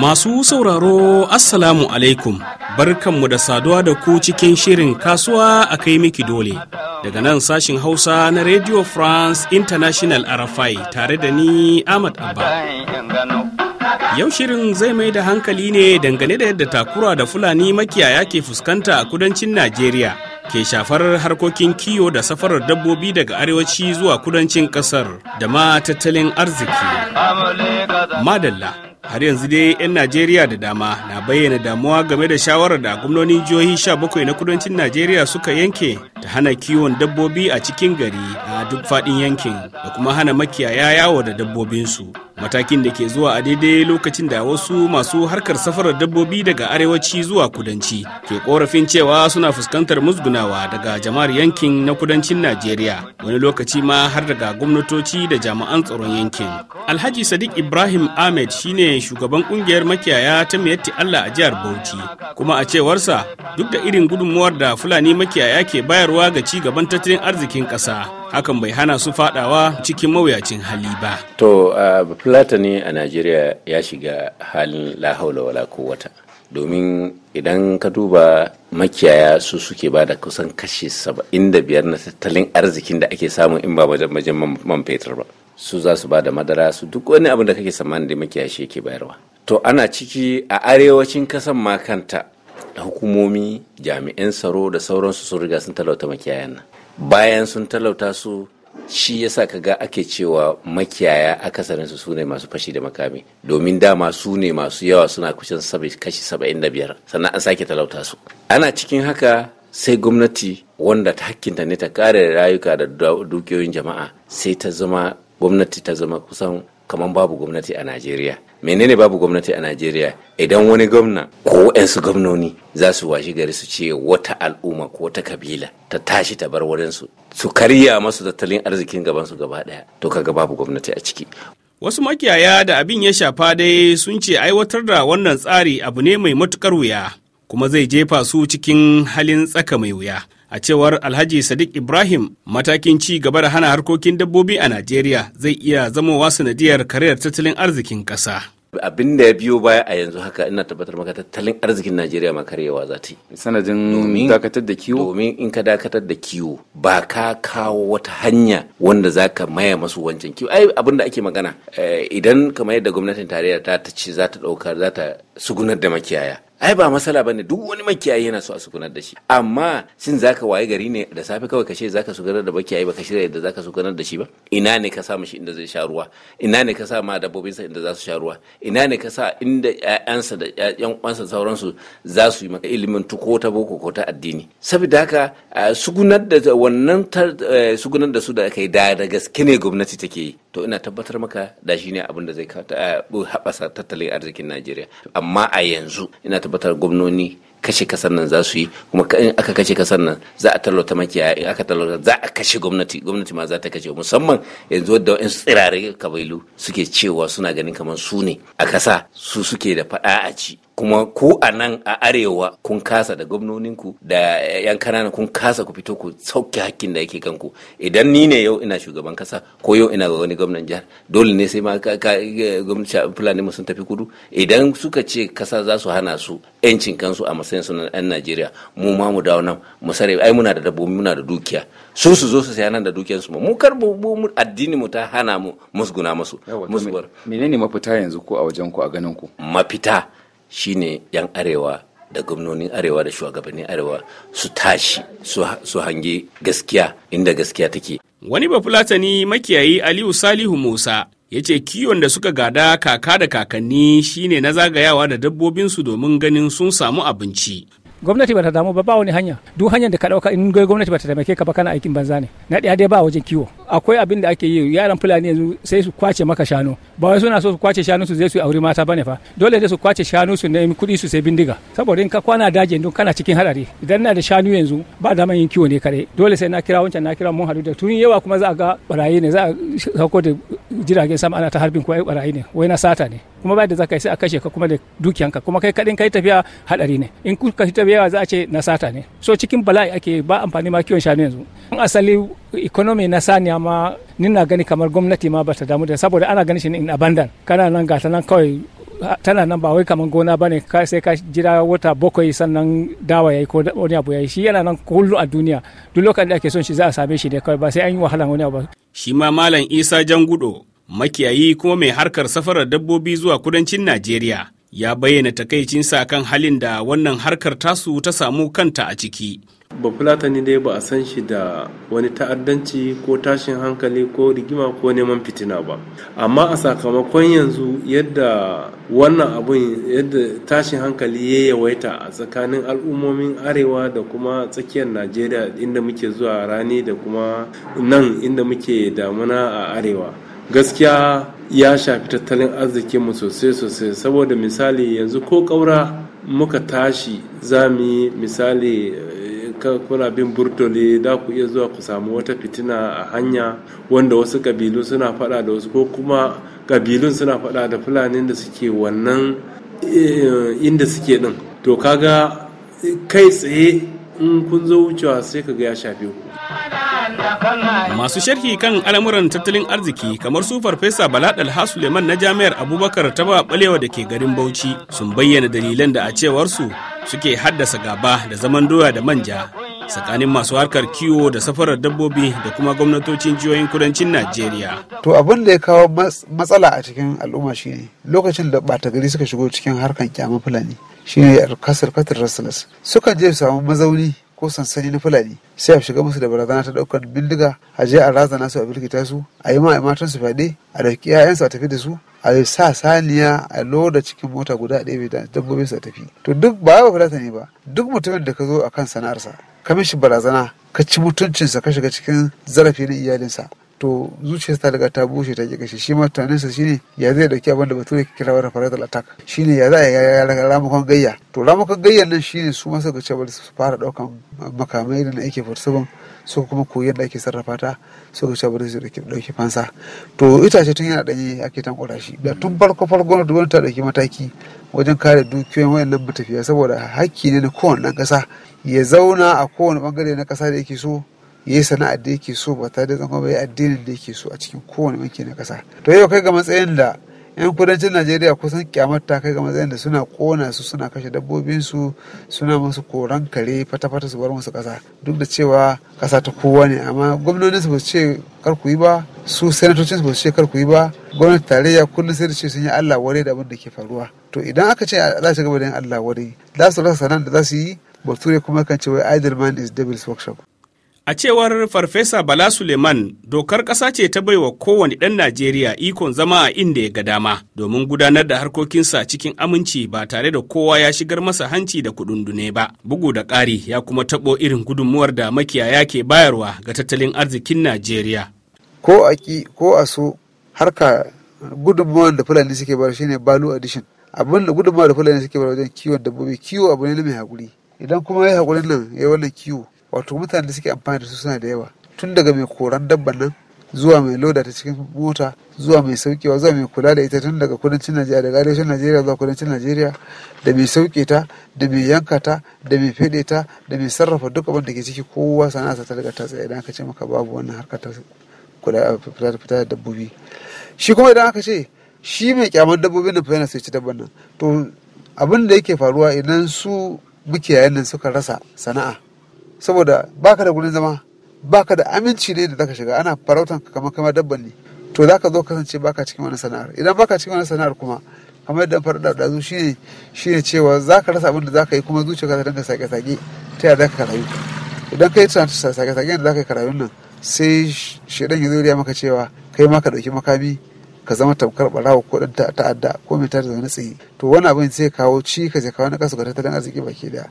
Masu sauraro Assalamu alaikum barkanmu da saduwa da ku cikin shirin kasuwa a kai miki dole daga nan sashin Hausa na Radio France International RFI tare da ni Ahmad Abba. Yau shirin zai mai da hankali ne dangane da yadda takura da Fulani makiyaya ke fuskanta a kudancin Najeriya. ke shafar harkokin kiwo da safarar dabbobi daga arewaci zuwa kudancin kasar da ma tattalin arziki. Madalla har yanzu dai 'yan Najeriya da dama na bayyana damuwa game da shawarar da gwamnonin jihohi bakwai na kudancin Najeriya suka yanke ta hana kiwon dabbobi a cikin gari a duk faɗin yankin da kuma hana makiyaya yawo da dabbobinsu. matakin da ke zuwa a daidai lokacin da wasu masu harkar safarar dabbobi daga arewaci zuwa kudanci ke korafin cewa suna fuskantar musgunawa daga jama'ar yankin na kudancin najeriya wani lokaci ma har daga gwamnatoci da jami'an tsaron yankin alhaji sadiq ibrahim ahmed shine shugaban kungiyar makiyaya ta miyatti allah a jihar bauchi kuma a cewarsa duk da irin gudunmuwar da fulani makiyaya ke bayarwa ga ci gaban tattalin arzikin ƙasa hakan bai hana su fadawa cikin mawuyacin hali ba ne a najeriya ya shiga halin lahaula wala kowata domin idan ka duba makiyaya su suke ba da kusan kashi da biyar na tattalin arzikin da ake samu in ba wajen man fetur ba su za su ba da madara su duk wani abin da kake saman da makiyashi yake bayarwa to ana ciki a arewacin kasan makanta da hukumomi jami'an tsaro da sauransu sun riga sun talauta makiyayan nan bayan sun talauta su shi yasa ga ake cewa makiyaya akasarinsu su ne masu fashi da makami domin dama su ne masu yawa suna kusan kashi saba'in da biyar sannan an sake talauta su ana cikin haka sai gwamnati wanda ta hakkinta ne ta kare rayuka da dukiyoyin jama'a sai ta zama gwamnati ta zama kusan kamar babu gwamnati a najeriya menene babu gwamnati a najeriya idan wani gwamna ko waɗansu gwamnoni za su washi gari su ce wata al'umma ko wata kabila ta tashi ta bar wurinsu su karya masu tattalin arzikin gabansu gaba ɗaya to kaga babu gwamnati a ciki Wasu makiyaya da abin ya shafa dai sun ce aiwatar da wannan tsari abu ne mai matukar wuya, kuma zai jefa su cikin halin tsaka mai wuya. A cewar Alhaji Sadiq Ibrahim, matakin ci gaba da hana harkokin dabbobi a Najeriya zai iya zamowa sanadiyar karyar tattalin arzikin kasa. abin da ya biyo baya a yanzu haka ina tabbatar maka tattalin arzikin najeriya ma karyewa za ta yi sanadin dakatar da kiwo domin in ka dakatar da kiwo ba ka kawo wata hanya wanda za ka maya masu wancan kiwo ai abin da ake magana eh, idan kamar yadda gwamnatin tarayya ta ta ce za ta ɗauka za ta sugunar da makiyaya ai ba masala bane duk wani makiyayi yana so a sukunar da shi amma shin zaka waye gari ne da safe kawai ka zaka sukunar da makiyayi ba ka shirya da zaka sukunar da shi ba ina ne ka sa mishi inda zai sha ruwa ina ne ka sa ma sa inda za su sha ruwa ina ne ka sa inda ƴaƴansa da ƴaƴan uwansa sauransu za su yi maka ilimin tuko ta boko ko ta addini saboda haka eh, sukunar da wannan eh, sukunar da su da aka yi da gaske ne gwamnati take yi to ina tabbatar maka da shi ne abin da zai eh, haɓasa tattalin arzikin najeriya amma a yanzu ina tabbatar gwamnoni kashe kasar nan za su yi kuma in aka kashe kasar nan za a tallata makiyaya in aka tallata za a kashe gwamnati gwamnati ma za ta kashe musamman yanzu wadda wa'in tsirare kabilu suke cewa suna ganin kamar su ne a kasa su suke da faɗa a ci kuma ku a nan a arewa kun kasa da gwamnoninku da yan kanana kun kasa ku fito ku sauke hakkin da yake kanku idan ni ne yau ina shugaban kasa ko yau ina ga wani gwamnan jihar dole ne sai ma gwamnati fulani sun tafi kudu idan suka ce kasa za su hana su 'yancin kansu a matsayin su na 'yan najeriya mu ma mu dawo nan mu sare ai muna da dabbobi muna da dukiya su su zo su saya nan da dukiyar su mu kar mu addini mu ta hana mu musguna musu menene mafita yanzu ko a wajen ku a ganin ku mafita shine yan arewa da gwamnonin arewa da shugabannin arewa su tashi su hange gaskiya inda gaskiya take wani bafulatani makiyayi aliyu salihu musa ya ce kiwon da suka gada kaka da kakanni shine na zagayawa da dabbobinsu domin ganin sun samu abinci gwamnati bata damu ba ba wani hanya duk hanyar da ka dauka in gwamnati bata taimake ka ba kana aikin banza ne na ɗaya dai ba wajen kiwo akwai abin da ake yi yaran fulani yanzu sai su kwace maka shanu ba wai suna so su kwace shanu su zai su auri mata bane fa dole ne su kwace shanu su nemi kuɗi su sai bindiga saboda in ka kwana daji don kana cikin hadari idan na da shanu yanzu ba da yin kiwo ne kare dole sai na kira wancan na kira mun hadu da tun yawa kuma za a ga barayi ne za a sauko da jiragen sama ana ta harbin ko ai barayi ne wai na sata ne kuma ba da za sai a kashe ka kuma da dukiyanka kuma kai kadin kai tafiya hadari ne in kuka tafiya za a ce na sata ne so cikin bala'i ake ba amfani ma kiwon shanu yanzu asali economy na saniya ma nina gani kamar gwamnati ma bata damu da saboda ana gani shi in abandan kana nan ga nan kawai tana nan ba wai kamar gona bane sai ka jira wata bakwai sannan dawa yayi ko wani abu yayi shi yana nan kullu a duniya duk lokacin da ake son shi za a same shi ne kawai ba sai an yi wahala wani abu shi ma malam Isa Jangudo makiyayi kuma mai harkar safarar dabbobi zuwa kudancin Najeriya ya bayyana takaicinsa kan halin da wannan harkar tasu ta samu kanta a ciki bafulatani dai ba a san shi da wani ta'addanci ko tashin hankali ko rigima ko neman fitina ba amma a sakamakon yanzu yadda wannan abun yadda tashin hankali ya yawaita a tsakanin al'ummomin arewa da kuma tsakiyar najeriya inda muke zuwa rani da kuma nan inda muke damuna a arewa gaskiya ya shafi tattalin arzikinmu sosai sosai saboda misali yanzu ko ƙaura muka tashi za mu misali kuna bin burtoli da ku iya zuwa ku samu wata fitina a hanya wanda wasu kabilu suna fada da wasu ko kuma kabilun suna fada da fulanin da suke wannan eh, inda suke din to kaga kai tsaye in kun zo wucewa sai kaga ya shafe ku Masu sharhi kan al'amuran tattalin arziki kamar su Farfesa Bala Dalha Suleiman na Jami'ar Abubakar ta ba Balewa da ke garin Bauchi sun bayyana dalilan da a cewar su suke haddasa gaba da zaman doya da manja tsakanin masu harkar kiwo da safarar dabbobi da kuma gwamnatocin jihohin kudancin Najeriya. To abin da ya kawo matsala a cikin al'umma shine lokacin da ba gari suka shigo cikin harkar kyama fulani shine kasar katar suka je su samu mazauni ko sansani na fulani sai a shiga musu da barazana ta daukar bindiga a je a razana su a birkita su a yi ma matan su fyaɗe a dauki 'ya'yansu a tafi da su a yi sa saniya a loda cikin mota guda ɗaya bai da dabbobin sa tafi to duk ba ya fulata ne ba duk mutumin da ka zo a kan sana'arsa ka mishi barazana ka ci mutuncinsa ka shiga cikin zarafi na iyalinsa to zuciya ta riga ta bushe ta kashe shi ma tunaninsa shine ya zai dauki abin da bature ke kira wata faradal attack shine ya za ya ramukan gayya to ramukan gayya nan shine su ma suka ce su fara daukan makamai da na ake fursuban su kuma koyi da ake sarrafa ta su ga cewa su dauki fansa to itace tun yana danyi ake tankura shi da tun farko farko da ta dauki mataki wajen kare dukiyoyin wayannan matafiya saboda hakki ne na kowanne ƙasa ya zauna a kowane bangare na ƙasa da yake so ya yi sana'ar da yake so ba ta da zama bai addinin da yake so a cikin kowane yanki na kasa. to yau kai ga matsayin da 'yan kudancin najeriya kusan kyamar ta kai ga matsayin da suna kona su suna kashe dabbobinsu suna musu koran kare fata-fata su bar musu kasa. duk da cewa ƙasa ta kowa ne amma su ba su ce kar ku yi ba su sanatocinsu ba su ce kar ku yi ba gwamnati tarayya kullum sai da ce sun yi allah wari da abin da ke faruwa to idan aka ce za su gaba da yin allah wari za su rasa sanan da za su yi bature kuma kan ce wai idle man is devil's workshop A cewar Farfesa Bala Suleiman, dokar ƙasa ce ta baiwa kowane ɗan Najeriya ikon zama a inda ya ga dama domin gudanar da harkokinsa cikin aminci ba tare da kowa ya shigar masa hanci da kuɗin ba. Bugu da ƙari ya kuma taɓo irin gudunmuwar da makiyaya ke bayarwa ga tattalin arzikin Najeriya. Ko a ki ko a so harka gudunmuwar da Fulani suke bayar shine balu addition. Abin da gudunmuwar da Fulani suke bayar wajen kiwon dabbobi kiwo abu ne na mai haƙuri. Idan kuma ya haƙurin nan ya wannan kiwo wato mutane da suke amfani da su suna da yawa tun daga mai koran dabban nan zuwa mai loda ta cikin mota zuwa mai saukewa zuwa mai kula da ita tun daga kudancin najeriya daga arewacin najeriya zuwa kudancin najeriya da mai sauke ta da mai yanka ta da mai fede ta da mai sarrafa duk abin da ke ciki kowa sana'a ta daga ta tsaye idan aka ce maka babu wannan harkar ta kula fita fita da dabbobi shi kuma idan aka ce shi mai kyamar dabbobin da fayyana sai ci dabban nan to abin da yake faruwa idan su bukiyayen nan suka rasa sana'a saboda baka da gurin zama baka da aminci ne da zaka shiga ana farautan ka kamar kamar dabban ne to zaka zo kasance baka cikin wani sana'ar idan baka cikin wani sana'ar kuma kamar yadda fara da dazu shine shine cewa zaka rasa abin da zaka yi kuma zuciyarka ta dinga sake sake ta yaya zaka rayu idan kai tunanin sake sake da zaka yi karayun nan sai shedan ya ya maka cewa kai ma ka dauki makami ka zama tamkar barawa ko dan ta'adda ko mai tar da wani tsaye to wani abin sai kawo ci ka je kawo na kasu ga tattalin arziki baki daya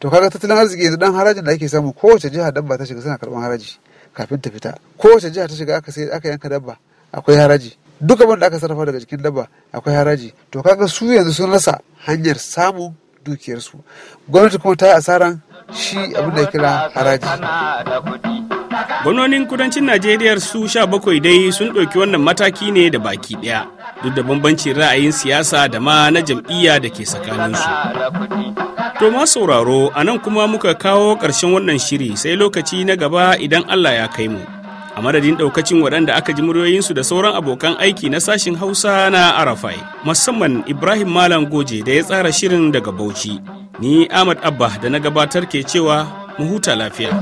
to kaga tattalin arziki yanzu dan harajin da ake samu kowace jiha dabba ta shiga suna karban haraji kafin ta fita kowace jiha ta shiga aka sai aka yanka dabba akwai haraji duka da aka sarrafa daga jikin dabba akwai haraji to kaga su yanzu sun rasa hanyar samun dukiyarsu gwamnati kuma ta yi asaran shi abin da kira haraji gwamnonin kudancin najeriya su sha bakwai dai sun ɗauki wannan mataki ne da baki ɗaya duk da bambancin ra'ayin siyasa da ma na jam'iyya da ke tsakaninsu To ma sauraro a nan kuma muka kawo ƙarshen wannan shiri sai lokaci na gaba idan Allah ya kai mu. A madadin ɗaukacin waɗanda aka ji muryoyinsu da sauran abokan aiki na sashin Hausa na Arafai, musamman Ibrahim Malam Goje da ya tsara shirin daga Bauchi. Ni Ahmad Abba da na gabatar ke cewa mu huta lafiya.